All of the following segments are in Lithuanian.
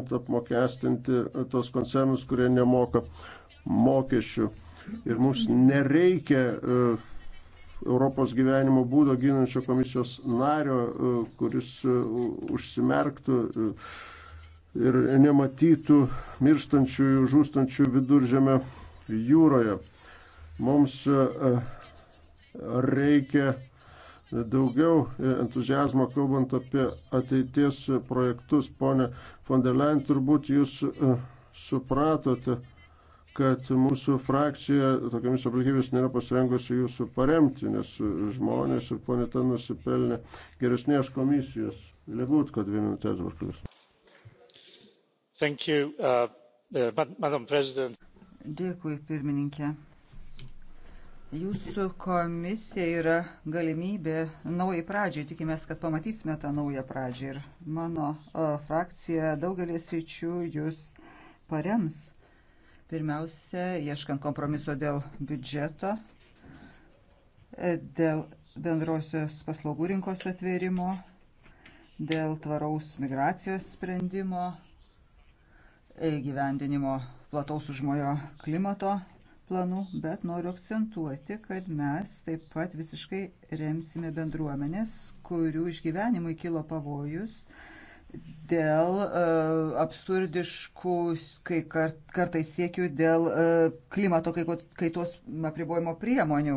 apmokestinti tos koncernus, kurie nemoka mokesčių. Ir mums nereikia e, Europos gyvenimo būdo ginančio komisijos nario, e, kuris e, užsimerktų ir nematytų mirštančiųjų, žūstančių viduržėme jūroje. Mums reikia daugiau entuzijazmo, kalbant apie ateities projektus. Pone von der Leyen, turbūt jūs e, supratote, kad mūsų frakcija tokiamis aplinkybėmis nėra pasirengusi jūsų paremti, nes žmonės ir ponė ten nusipelnė geresnės komisijos. Lebūt, kad dvi minutės dabar klius. Thank you, uh, uh, Madam President. Dėkui, pirmininkė. Jūsų komisija yra galimybė naujai pradžiai. Tikimės, kad pamatysime tą naują pradžią. Ir mano o, frakcija daugelį sričių jūs parems. Pirmiausia, ieškant kompromiso dėl biudžeto, e, dėl bendrosios paslaugų rinkos atvėrimo, dėl tvaraus migracijos sprendimo, e, gyvendinimo plataus užmojo klimato planų, bet noriu akcentuoti, kad mes taip pat visiškai remsime bendruomenės, kurių išgyvenimui kilo pavojus dėl uh, absurdiškų, kai kart, kartais siekių dėl uh, klimato kaitos apribojimo priemonių.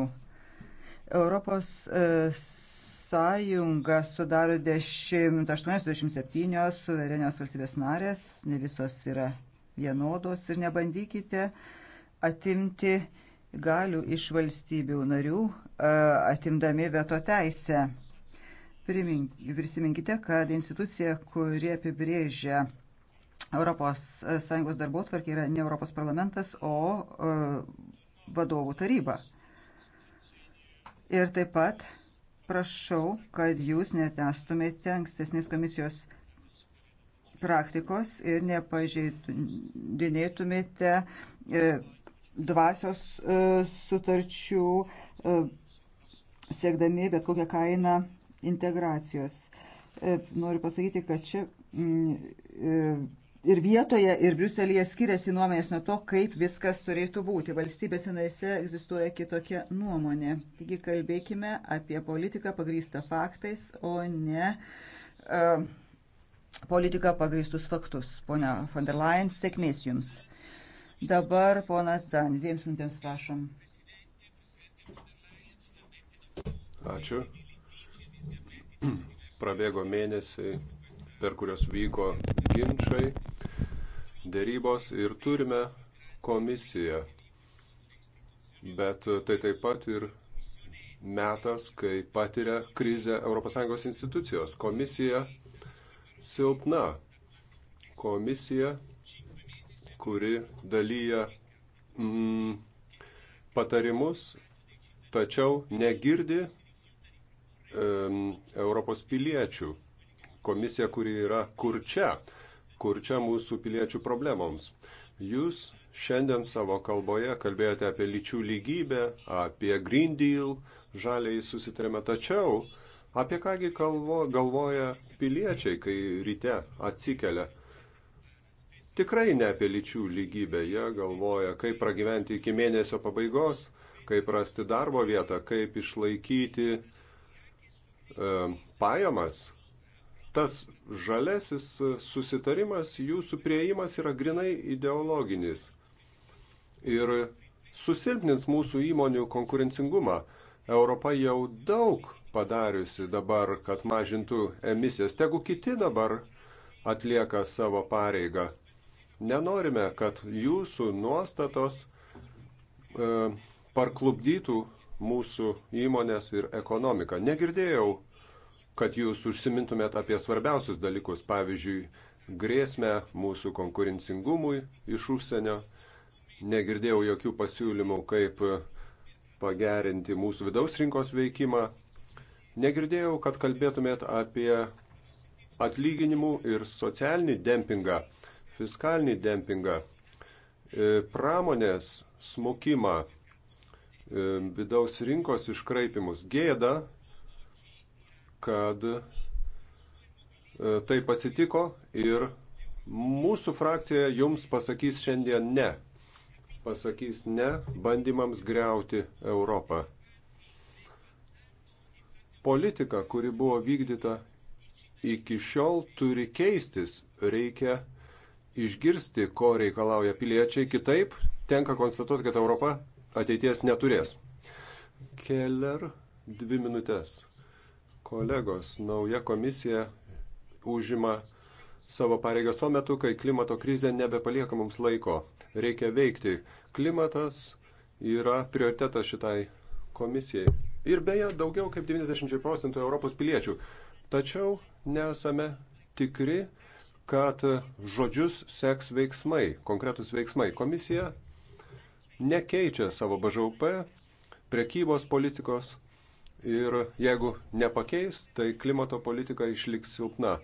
Europos uh, sąjunga sudaro 187 suverenios valstybės narės, ne visos yra vienodos ir nebandykite uh, atimti galių iš valstybių narių, atimdami veto teisę. Prisiminkite, kad institucija, kuri apibrėžia ES darbo tvarkį, yra ne Europos parlamentas, o vadovų taryba. Ir taip pat prašau, kad jūs netestumėte ankstesnės komisijos praktikos ir nepažeidinėtumėte e, dvasios e, sutarčių, e, siekdami bet kokią kainą integracijos. E, noriu pasakyti, kad čia mm, ir vietoje, ir Briuselėje skiriasi nuomonės nuo to, kaip viskas turėtų būti. Valstybėse narėse egzistuoja kitokia nuomonė. Taigi kalbėkime apie politiką pagrįstą faktais, o ne uh, politiką pagrįstus faktus. Pone von der Leyen, sėkmės jums. Dabar ponas Zan, dviems minutėms prašom. Ačiū. Prabėgo mėnesiai, per kurios vyko ginčiai, dėrybos ir turime komisiją. Bet tai taip pat ir metas, kai patiria krizę ES institucijos. Komisija silpna. Komisija kuri dalyja mm, patarimus, tačiau negirdi mm, Europos piliečių. Komisija, kuri yra kur čia, kur čia mūsų piliečių problemoms. Jūs šiandien savo kalboje kalbėjote apie lyčių lygybę, apie Green Deal, žaliai susitariame, tačiau apie kągi kalvo, galvoja piliečiai, kai ryte atsikelia tikrai ne apie lyčių lygybę. Jie galvoja, kaip pragyventi iki mėnesio pabaigos, kaip rasti darbo vietą, kaip išlaikyti e, pajamas. Tas žalesis susitarimas, jūsų prieimas yra grinai ideologinis ir susilpnins mūsų įmonių konkurencingumą. Europa jau daug padariusi dabar, kad mažintų emisijas. Tegu kiti dabar atlieka savo pareigą. Nenorime, kad jūsų nuostatos e, parklubdytų mūsų įmonės ir ekonomiką. Negirdėjau, kad jūs užsimintumėt apie svarbiausius dalykus, pavyzdžiui, grėsmę mūsų konkurencingumui iš užsienio. Negirdėjau jokių pasiūlymų, kaip pagerinti mūsų vidaus rinkos veikimą. Negirdėjau, kad kalbėtumėt apie atlyginimų ir socialinį dempingą fiskalinį dempingą, e, pramonės smokimą, e, vidaus rinkos iškraipimus. Gėda, kad e, tai pasitiko ir mūsų frakcija jums pasakys šiandien ne. Pasakys ne bandymams greuti Europą. Politika, kuri buvo vykdyta iki šiol, turi keistis. Reikia išgirsti, ko reikalauja piliečiai, kitaip tenka konstatuoti, kad Europa ateities neturės. Keller, dvi minutės. Kolegos, nauja komisija užima savo pareigas tuo metu, kai klimato krizė nebepalieka mums laiko. Reikia veikti. Klimatas yra prioritetas šitai komisijai. Ir beje, daugiau kaip 90 procentų Europos piliečių. Tačiau nesame tikri, kad žodžius seks veiksmai, konkretus veiksmai. Komisija nekeičia savo BŽUP, prekybos politikos ir jeigu nepakeis, tai klimato politika išliks silpna.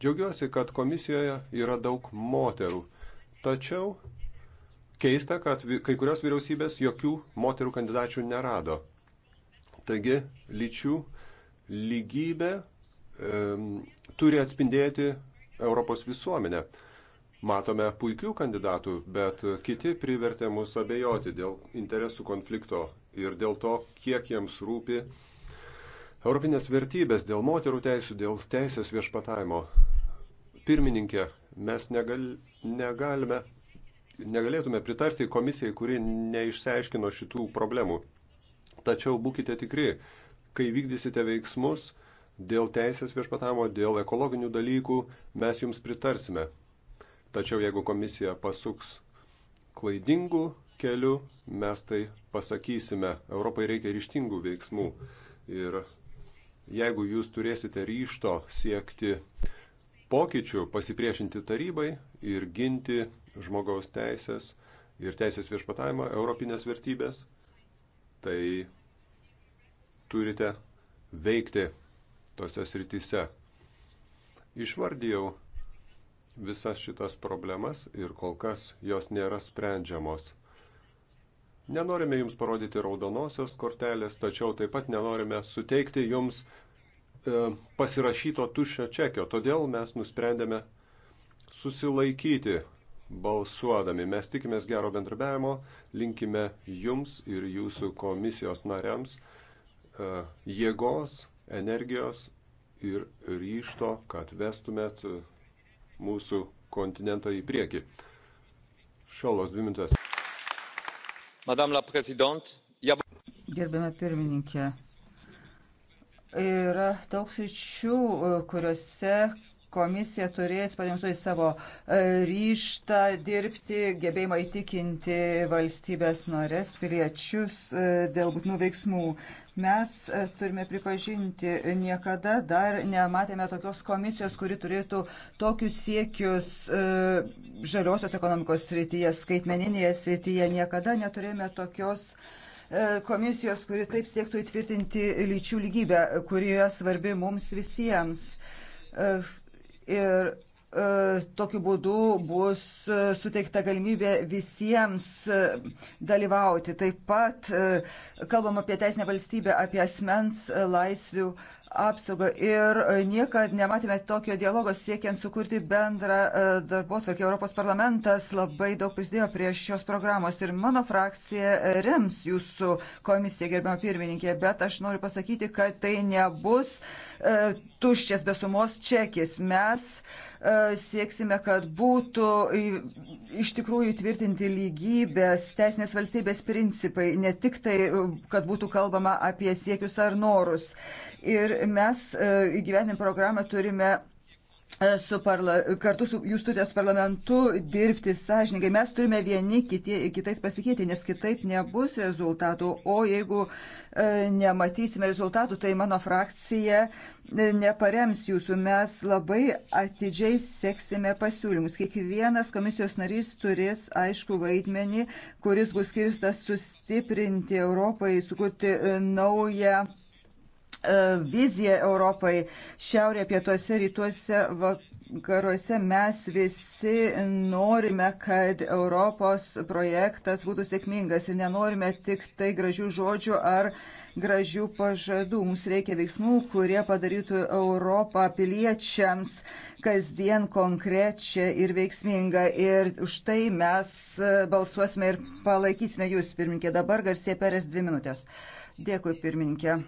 Džiaugiuosi, kad komisijoje yra daug moterų. Tačiau keista, kad kai kurios vyriausybės jokių moterų kandidačių nerado. Taigi, lyčių lygybė e, turi atspindėti Europos visuomenę. Matome puikių kandidatų, bet kiti privertė mus abejoti dėl interesų konflikto ir dėl to, kiek jiems rūpi europinės vertybės, dėl moterų teisų, dėl teisės viešpatavimo. Pirmininkė, mes negal, negalime, negalėtume pritarti komisijai, kuri neišsiaiškino šitų problemų. Tačiau būkite tikri, kai vykdysite veiksmus, dėl teisės viešpatavimo, dėl ekologinių dalykų mes jums pritarsime. Tačiau jeigu komisija pasuks klaidingų kelių, mes tai pasakysime. Europai reikia ryštingų veiksmų. Ir jeigu jūs turėsite ryšto siekti pokyčių, pasipriešinti tarybai ir ginti žmogaus teisės ir teisės viešpatavimą, europinės vertybės, tai turite veikti tose srityse. Išvardijau visas šitas problemas ir kol kas jos nėra sprendžiamos. Nenorime jums parodyti raudonosios kortelės, tačiau taip pat nenorime suteikti jums e, pasirašyto tuščio čekio. Todėl mes nusprendėme susilaikyti balsuodami. Mes tikimės gero bendrabiavimo, linkime jums ir jūsų komisijos nariams e, jėgos energijos ir ryšto, kad vestumėt mūsų kontinentą į priekį. Šalos dvi minutės. Madame la Présidente, jab... Gerbėme pirmininkė. Yra daug sričių, kuriuose komisija turės pademonstruoti savo e, ryštą dirbti, gebėjimą įtikinti valstybės norės, piliečius e, dėl būtinų veiksmų. Mes e, turime pripažinti, niekada dar nematėme tokios komisijos, kuri turėtų tokius siekius žaliosios ekonomikos srityje, skaitmeninėje srityje. Niekada neturėjome tokios komisijos, kuri taip siektų įtvirtinti lyčių lygybę, kuri yra svarbi mums visiems. Ir e, tokiu būdu bus e, suteikta galimybė visiems e, dalyvauti. Taip pat kalbam apie teisinę valstybę, apie asmens laisvių apsaugą ir e, niekad nematėme tokio dialogo siekiant sukurti bendrą e, darbo tvarkį. Europos parlamentas labai daug prisidėjo prie šios programos ir mano frakcija e, rems jūsų komisiją, gerbiamą pirmininkę, bet aš noriu pasakyti, kad tai nebus tuščias besumos čekis. Mes uh, E, sieksime, kad būtų iš tikrųjų tvirtinti lygybės, teisinės valstybės principai, ne tik tai, e, kad būtų kalbama apie siekius ar norus. Ir mes e, įgyvenim programą turime E, su parla, kartu su jūs turite su parlamentu dirbti sąžininkai. Mes turime vieni kitie, kitais pasikeiti, nes kitaip nebus rezultatų. O jeigu e, nematysime rezultatų, tai mano frakcija e, neparems jūsų. Mes labai atidžiai seksime pasiūlymus. Kiekvienas komisijos narys turės aišku vaidmenį, kuris bus skirstas sustiprinti Europai, sukurti e, naują E, viziją Europai šiaurėje, pietuose, rytuose, vakaruose. Mes visi norime, kad Europos projektas būtų sėkmingas ir nenorime tik tai gražių žodžių ar gražių pažadų. Mums reikia veiksmų, kurie padarytų Europą piliečiams kasdien konkrečią ir veiksmingą. Ir už tai mes balsuosime ir palaikysime jūs, pirmininkė. Dabar garsiai perės dvi minutės. Dėkui, pirmininkė.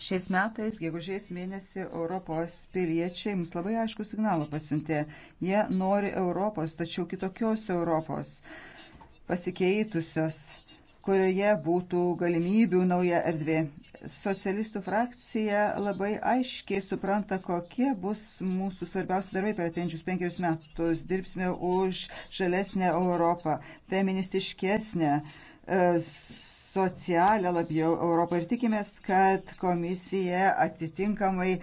Šiais metais, gegužės mėnesį, Europos piliečiai mums labai aišku signalą pasiuntė. Jie nori Europos, tačiau kitokios Europos, pasikeitusios, kurioje būtų galimybių nauja erdvė. Socialistų frakcija labai aiškiai supranta, kokie bus mūsų svarbiausi darbai per atenčius penkerius metus. Dirbsime už žalesnę Europą, feministiškesnę. E, socialę labiau Europą ir tikimės, kad komisija atitinkamai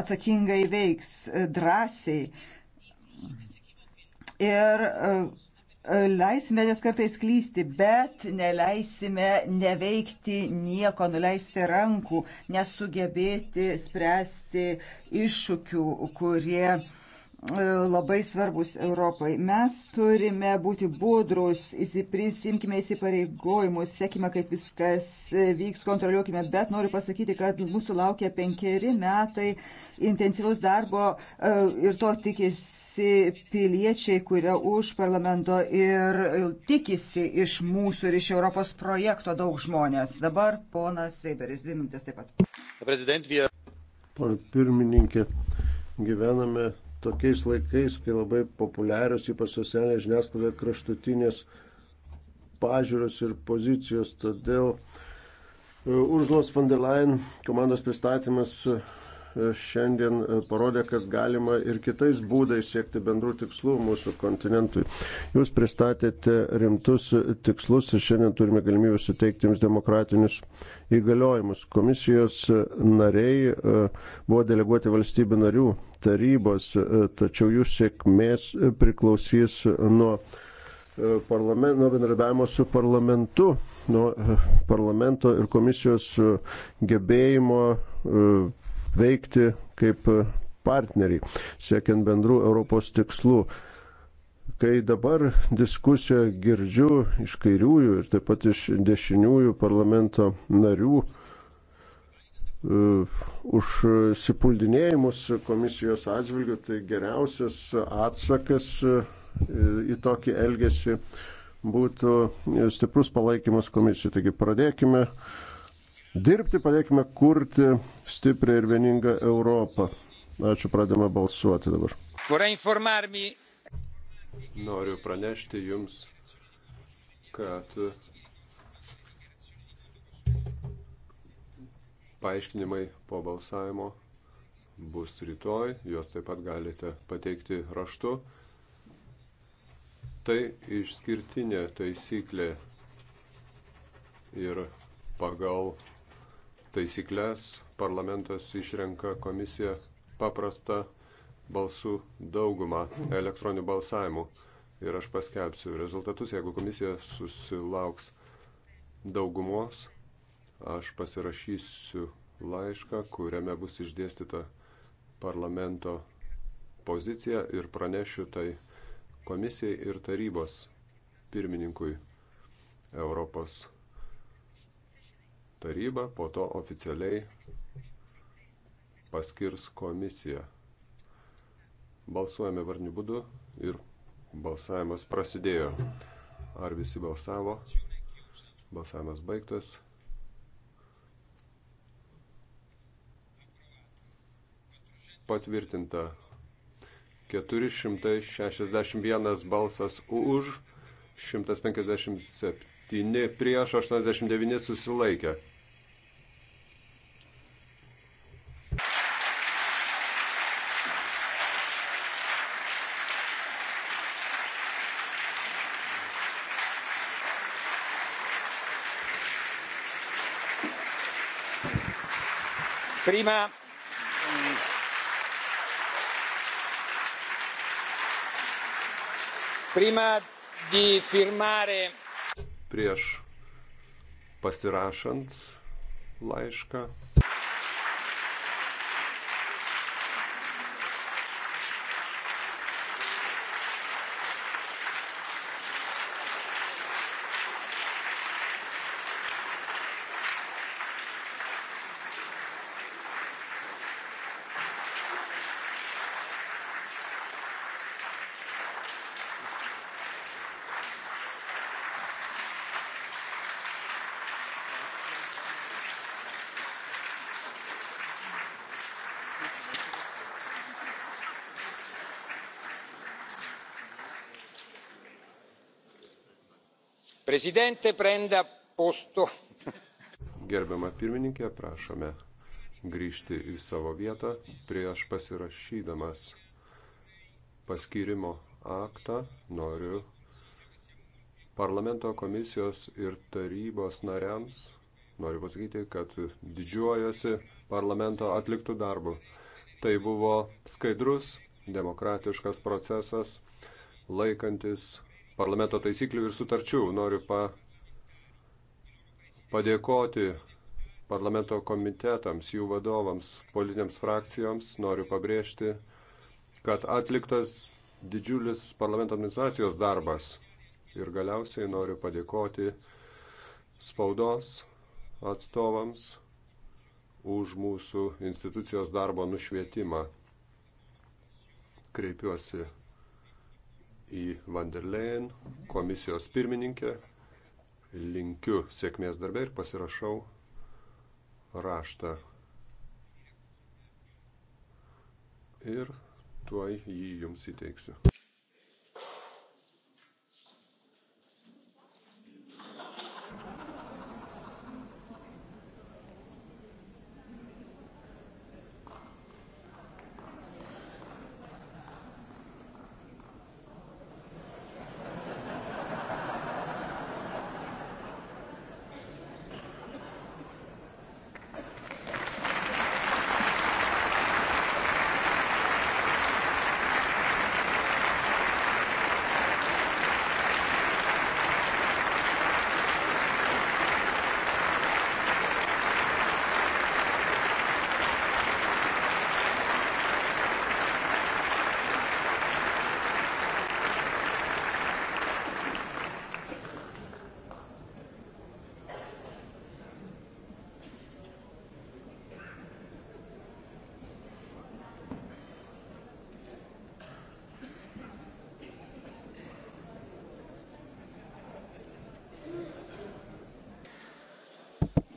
atsakingai veiks drąsiai. Ir e, leisime net kartais klysti, bet neleisime neveikti nieko, nuleisti rankų, nesugebėti spręsti iššūkių, kurie E, labai svarbus Europai. Mes turime būti budrus, prisimkime įsipareigojimus, sekime, kaip viskas vyks, kontroliuokime, bet noriu pasakyti, kad mūsų laukia penkeri metai intensyvaus darbo e, ir to tikisi piliečiai, kurie už parlamento ir tikisi iš mūsų ir iš Europos projekto daug žmonės. Dabar ponas Weberis, dvi minutės taip pat. Prezident, vie... Pirmininkė, gyvename tokiais laikais, kai labai populiarios, ypač socialinė žiniasklaida, kraštutinės pažiūros ir pozicijos. Todėl e, Urzlos von der Leyen komandos pristatymas e, šiandien e, parodė, kad galima ir kitais būdais siekti bendrų tikslų mūsų kontinentui. Jūs pristatėte rimtus tikslus ir šiandien turime galimybę suteikti jums demokratinius įgaliojimus. Komisijos e, nariai e, buvo deleguoti valstybių narių tarybos, e, tačiau jų sėkmės priklausys nuo nuo bendradarbiavimo su parlamentu, nuo parlamento ir komisijos gebėjimo veikti kaip partneriai, siekiant bendrų Europos tikslų. Kai dabar diskusiją girdžiu iš kairiųjų ir taip pat iš dešiniųjų parlamento narių uh, už sipuldinėjimus komisijos atžvilgių, tai geriausias atsakas uh, į tokį elgesį būtų stiprus palaikymas komisijai. Taigi pradėkime dirbti, padėkime kurti stiprią ir vieningą Europą. Ačiū, pradėjome balsuoti dabar. Noriu pranešti Jums, kad paaiškinimai po balsavimo bus rytoj, juos taip pat galite pateikti raštu. Tai išskirtinė taisyklė ir pagal taisyklės parlamentas išrenka komisiją paprastą balsų daugumą elektroninių balsavimų ir aš paskelbsiu rezultatus. Jeigu komisija susilauks daugumos, aš pasirašysiu laišką, kuriame bus išdėstyta parlamento pozicija ir pranešiu tai komisijai ir tarybos pirmininkui Europos taryba po to oficialiai paskirs komisiją. Balsuojame varnių būdu ir balsavimas prasidėjo. Ar visi balsavo? Balsavimas baigtas. Patvirtinta 461 balsas už, 157 prieš, 89 susilaikė. prima prima di firmare prieš pasirašant laišką Prezidente, prenda posto. Gerbiama pirmininkė, prašome grįžti į savo vietą prieš pasirašydamas paskirimo aktą noriu parlamento komisijos ir tarybos nariams noriu pasakyti, kad didžiuojasi parlamento atliktų darbų. Tai buvo skaidrus, demokratiškas procesas, laikantis parlamento taisyklių ir sutarčių. Noriu pa, padėkoti parlamento komitetams, jų vadovams, politiniams frakcijoms. Noriu pabrėžti, kad atliktas didžiulis parlamento administracijos darbas. Ir galiausiai noriu padėkoti spaudos atstovams už mūsų institucijos darbo nušvietimą. Kreipiuosi į Vanderlein, komisijos pirmininkę. Linkiu sėkmės darbę ir pasirašau raštą. Ir tuoj jį jums įteiksiu.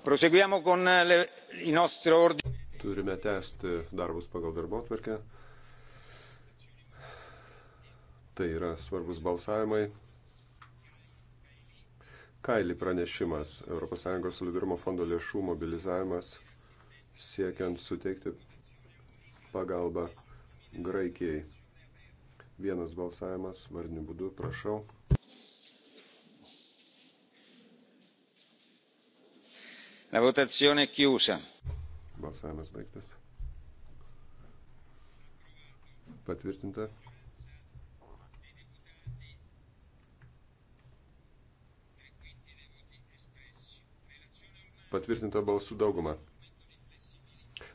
Proseguiamo con eh, le, i nostri ordini. Turime tęsti darbus pagal darbo atverkę. Tai yra svarbus balsavimai. Kaili pranešimas ES solidarumo fondo lėšų mobilizavimas siekiant suteikti pagalbą Graikijai. Vienas balsavimas, varnių būdu, prašau. La votazione è chiusa. Balsavimas baigtas. Patvirtinta. Patvirtinta balsų dauguma.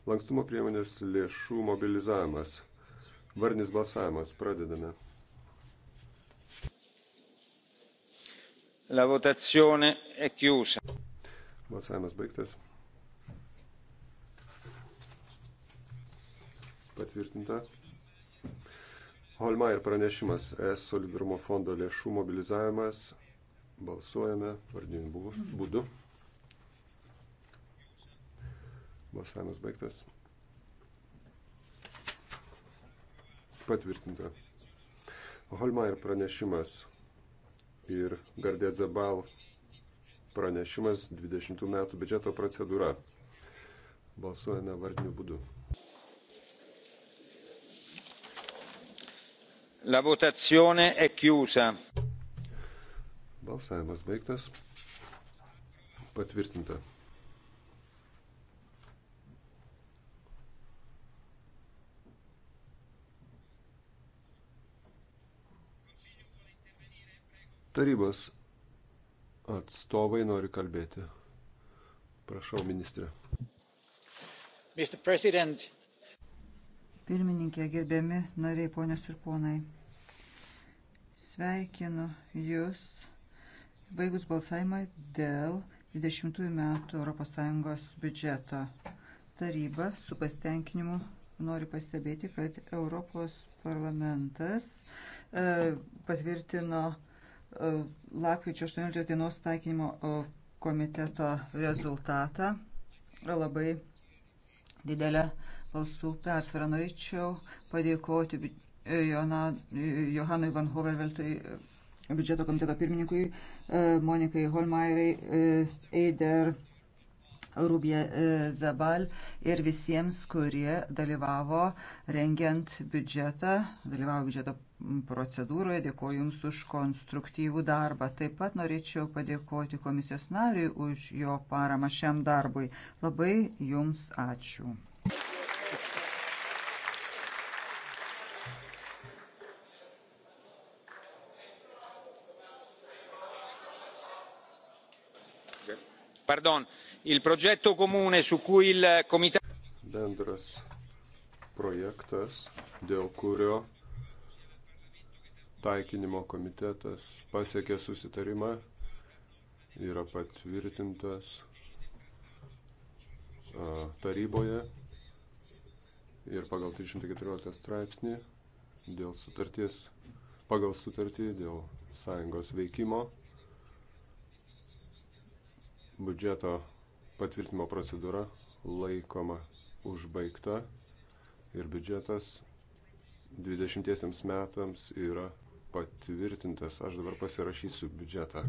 Lankstumo priemonės lėšų mobilizavimas. Varnis balsavimas. Pradedame. La votazione è chiusa. Balsavimas baigtas. Patvirtinta. Holmaier pranešimas ES solidarumo fondo lėšų mobilizavimas. Balsuojame vardiniu būdu. Balsavimas baigtas. Patvirtinta. Holmaier pranešimas ir Gardėdzabal pranešimas 20 metų biudžeto procedūra. Balsuojame vardiniu būdu. La votazione è chiusa. Balsavimas baigtas. Patvirtinta. Tarybos atstovai nori kalbėti. Prašau, ministrė. Pirmininkė, gerbiami nariai, ponios ir ponai. Sveikinu Jūs baigus balsavimą dėl 20 metų ES biudžeto. Taryba su pasitenkinimu nori pastebėti, kad Europos parlamentas e, patvirtino e, E, lakryčio 18 dienos taikinimo e, komiteto rezultatą labai didelę balsų persvarą. Norėčiau padėkoti e, Jona, Johanui Van Hoverveltui, biudžeto komiteto pirmininkui, Monikai Holmairai, Eider Rubė Zabal ir visiems, kurie dalyvavo rengiant biudžetą, dalyvavo biudžeto procedūroje. Dėkoju Jums už konstruktyvų darbą. Taip pat norėčiau padėkoti komisijos nariui už jo paramą šiam darbui. Labai Jums ačiū. Pardon, il progetto comune su cui il comitato bendras projektas, dėl kurio taikinimo komitetas pasiekė susitarimą, yra patvirtintas taryboje ir pagal 314 straipsnį dėl sutarties, pagal sutartį dėl sąjungos veikimo biudžeto patvirtimo procedūra laikoma užbaigta ir biudžetas 20 metams yra patvirtintas. Aš dabar pasirašysiu biudžetą.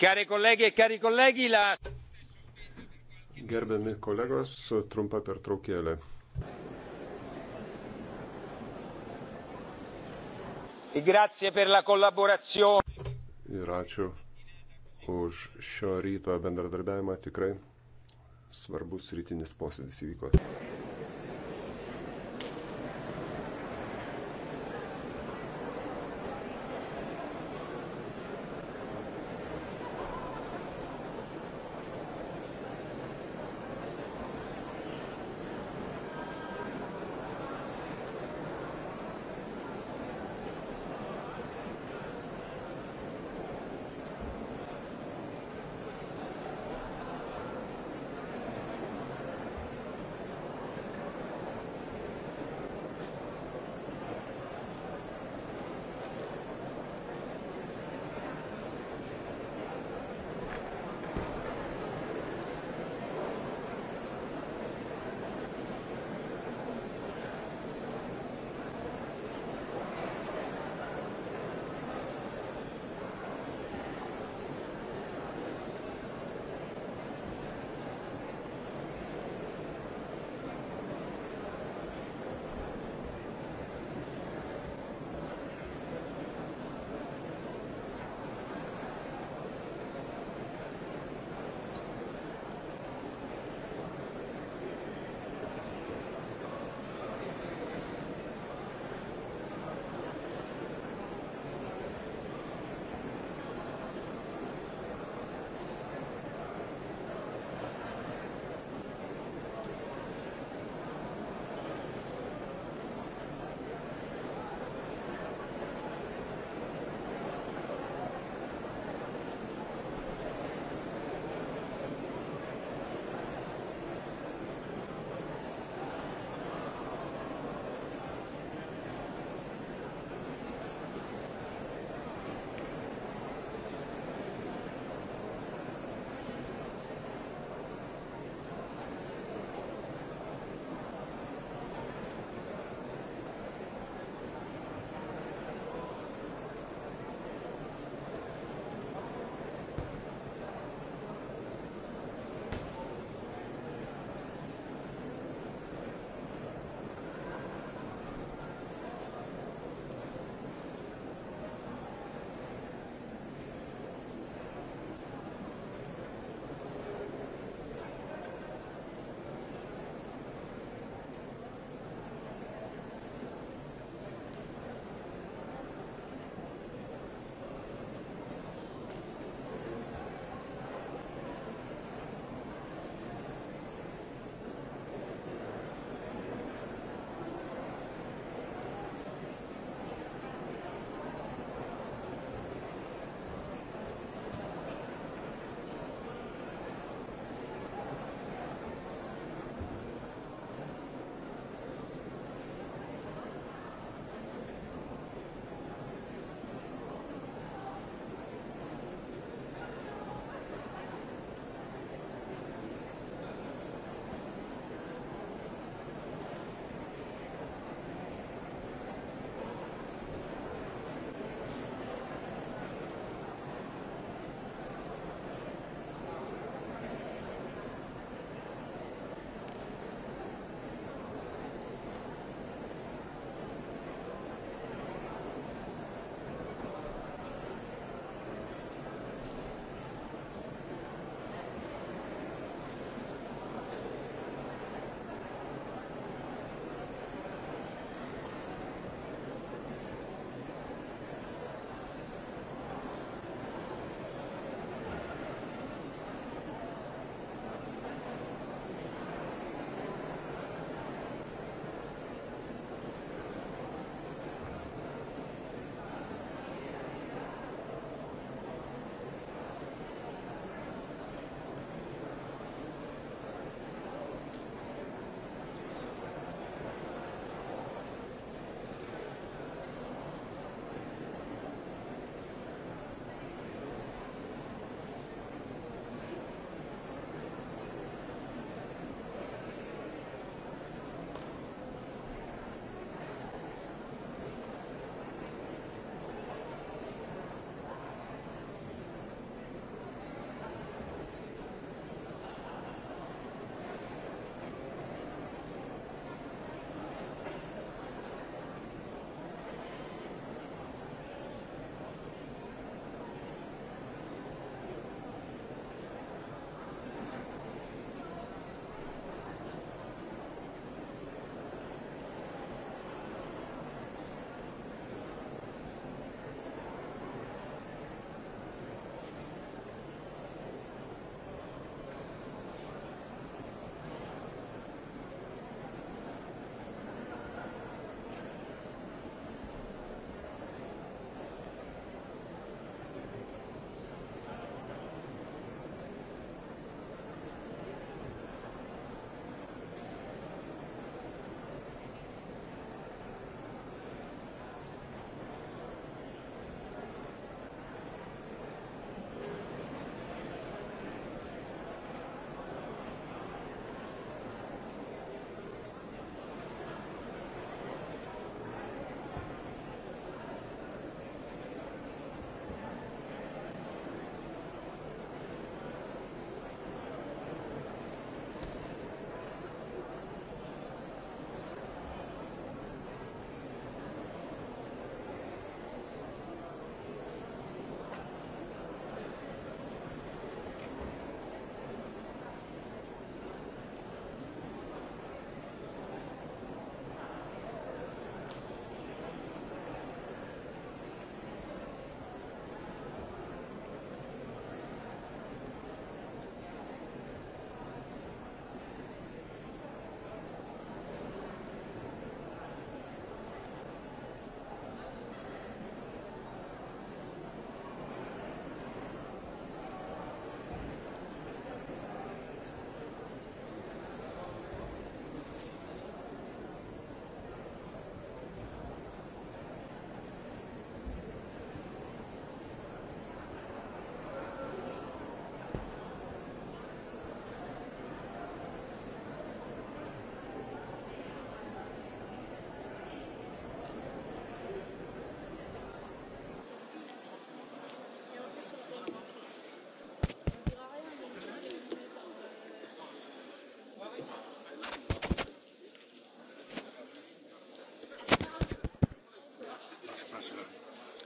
E Gerbiami kolegos, trumpa pertraukėlė. E Ir ačiū už šio ryto bendradarbiavimą. Tikrai svarbus rytinis posėdis įvyko.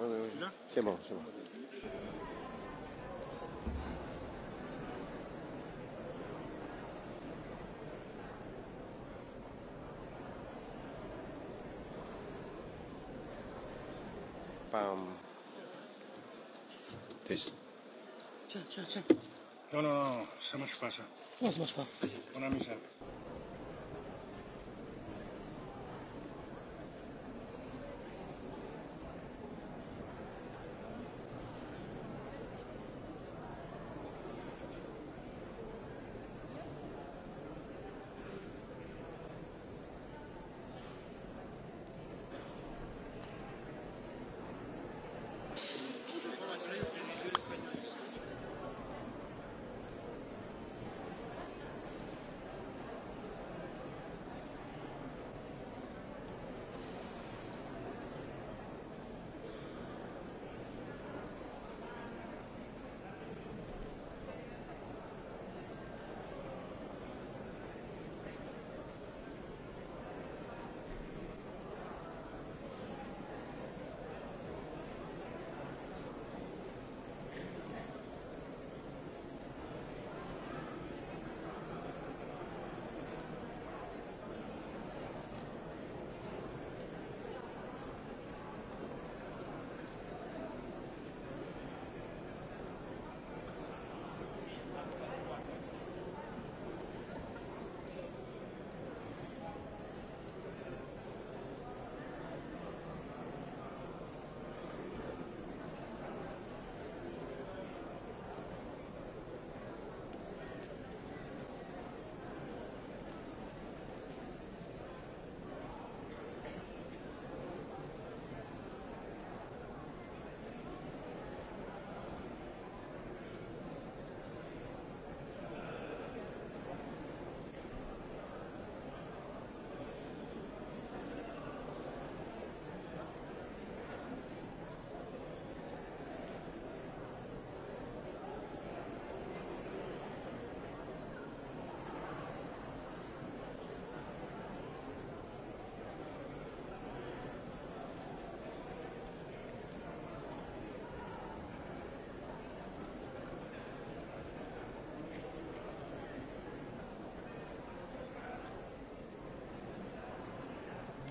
oui, oui. C'est bon, c'est bon. Pam. Test. Tiens, tiens, tiens. Non, non, non, ça marche pas, ça. Non, ça marche pas. On a mis ça.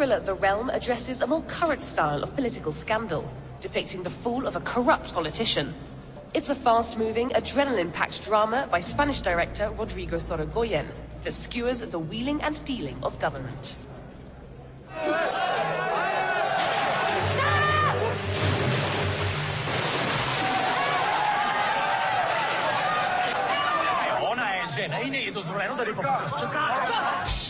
thriller The Realm addresses a more current style of political scandal, depicting the fall of a corrupt politician. It's a fast-moving, adrenaline-packed drama by Spanish director Rodrigo Sorogoyen that skewers the wheeling and dealing of government. Ona je žena i nije dozvoljeno da li popušta.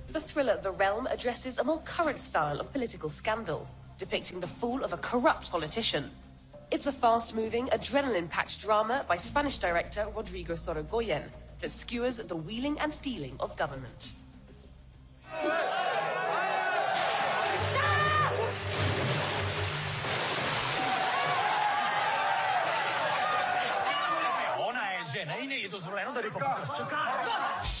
The thriller The Realm addresses a more current style of political scandal, depicting the fall of a corrupt politician. It's a fast-moving, adrenaline-packed drama by Spanish director Rodrigo Sorogoyen that skewers the wheeling and dealing of government. Ona je žena i nije dozvoljeno da li pokušaš čekati.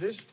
This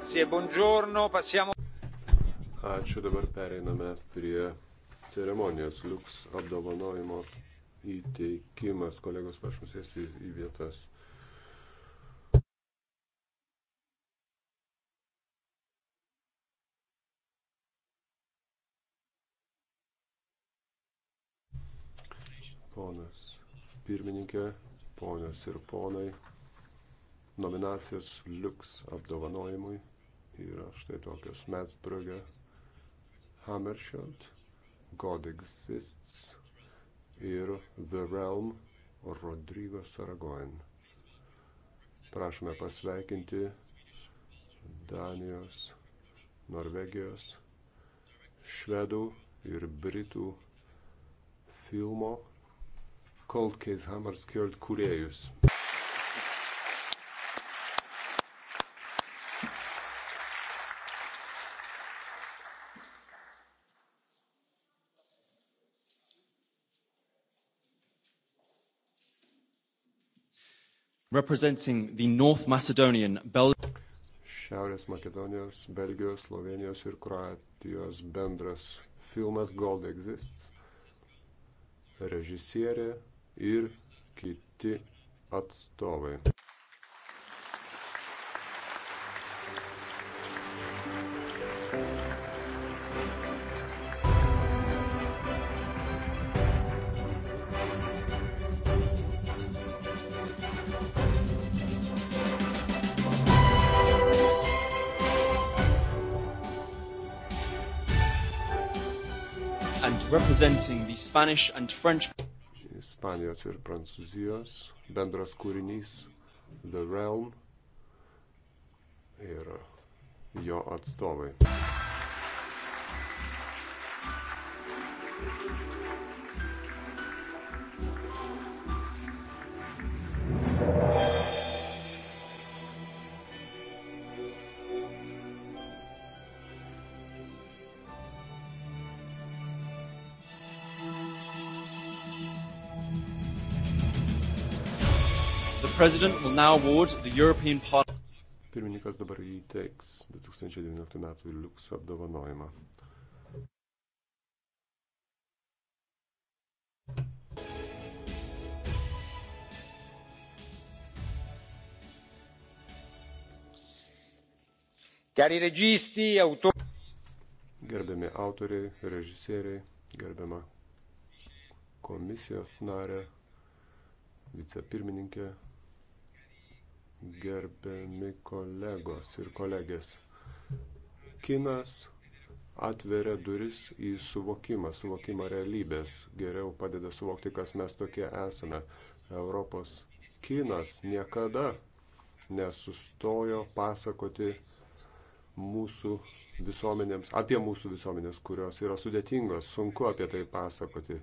Grazie, buongiorno, passiamo. Ačiū, dabar pereiname prie ceremonijos liuks apdovanojimo įteikimas. Kolegos, prašom sėsti į vietas. Ponas pirmininkė, ponios ir ponai, nominacijos liuks apdovanojimui yra štai tokios Mesbrugė, Hammershot, God Exists ir The Realm Rodrygo Saragoin. Prašome pasveikinti Danijos, Norvegijos, Švedų ir Britų filmo Cold Case Hammerskjöld kūrėjus. representing the North Macedonian Bel Šiaurės Makedonijos, Belgijos, Slovenijos ir Kroatijos bendras filmas Gold Exists, režisierė ir kiti atstovai. representing the Spanish and French. Ispanijos ir Prancūzijos bendras kūrinys The Realm ir jo atstovai. Pirmininkas dabar įteiks 2019 m. Liuks apdovanojimą. Cari registi, autori. Gerbiami autoriai, režisieriai, gerbiama komisijos narė, vicepirmininkė, gerbiami kolegos ir kolegės. Kinas atveria duris į suvokimą, suvokimą realybės, geriau padeda suvokti, kas mes tokie esame. Europos kinas niekada nesustojo pasakoti mūsų visuomenėms, apie mūsų visuomenės, kurios yra sudėtingos, sunku apie tai pasakoti.